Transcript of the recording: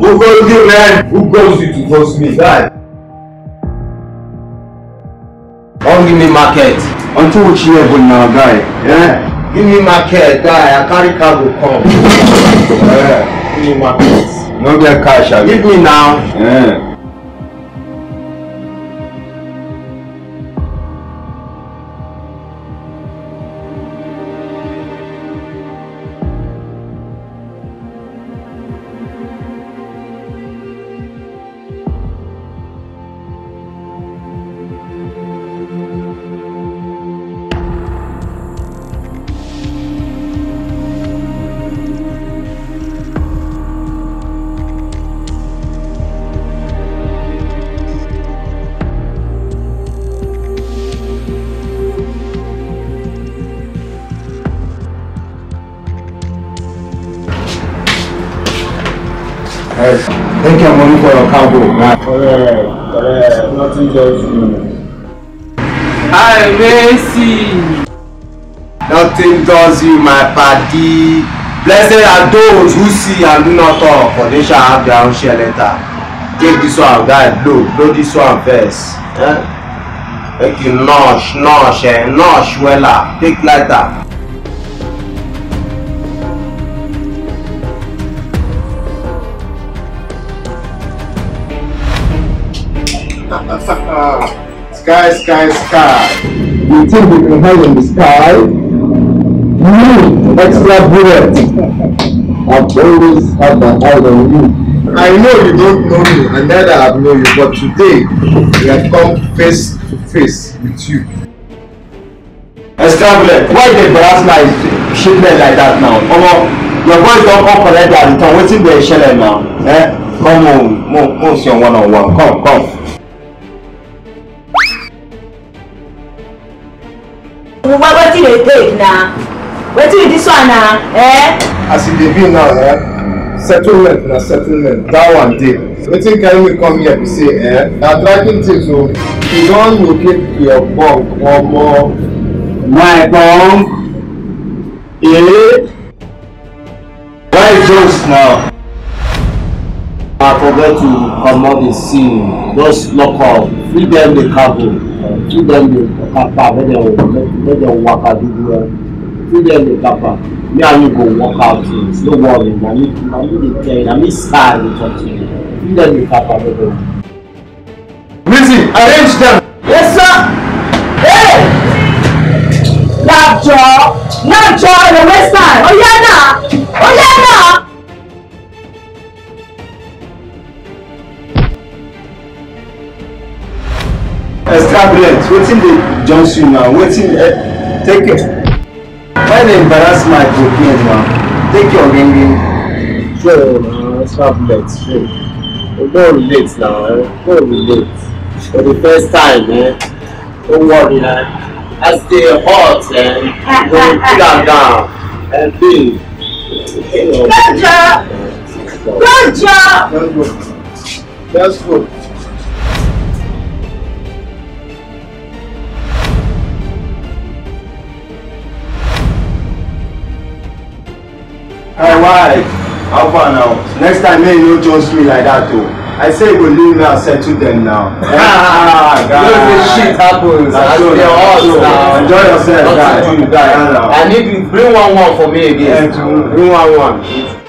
Who calls you, man? Who calls you to ghost me? guy? Don't give me market. Until which year but now, guy. Yeah. Give me market, guy. I carry cargo come. yeah. Give me market. No get cash, Give me now. Yeah. Thank you, money for your cargo. Correct, correct. Nothing just you. I Messi. Nothing does you, my party. Blessed are those who see and do not talk, for they shall have their own share later. Take this one, guy, blow, blow this one first. Eh? Make you nosh, nosh, eh? nosh, wella. Take lighter. sky, sky, sky. You think you can hide in the sky? You, extra bullet. I've always had my eye on you. I know you don't know me, and neither have known you, but today we have come face to face with you. Extra bullet, why they brass my shipment like that now? Omo, your boys don't come correct at the time wetin dey shele now eh come on mo mo si one on one come come. Well, what did they take now? What did this one now? Eh? As it be now, eh? Settlement na settlement. That one day. Wetin carry me come here be say, eh? Na dragging things o. Oh. You don locate your bunk omo. My bunk? Eh? Why Jones now? I forget to comot the scene. Just lock up. Free them the cargo children dey waka when dem when dem waka do well children dey waka me and you go work out no worry na me na me dey tell you na me star dey talk to you children dey waka when dem. reason arrange dem. yes sir. Hey! Nacho! Nacho! You're waste time! local blend wetin dey jones you now wetin eh, take care why dey embarrass my pikin now take your ringing. so na extra blend so o go relate na o go relate for the first time eh, o worry na as dey hot eh, go cool am down and clean. Gbọ́njọ́! Gbọ́njọ́! Let's go. Let's go. Why? How far now? Next time, man, you don't judge me like that, though. I say you go leave me and settle them now. ah, God! You know shit happens. That's so, that's all so. now. Enjoy yourself, guys. I need you. Bring one one for me again. Yeah, bring one one.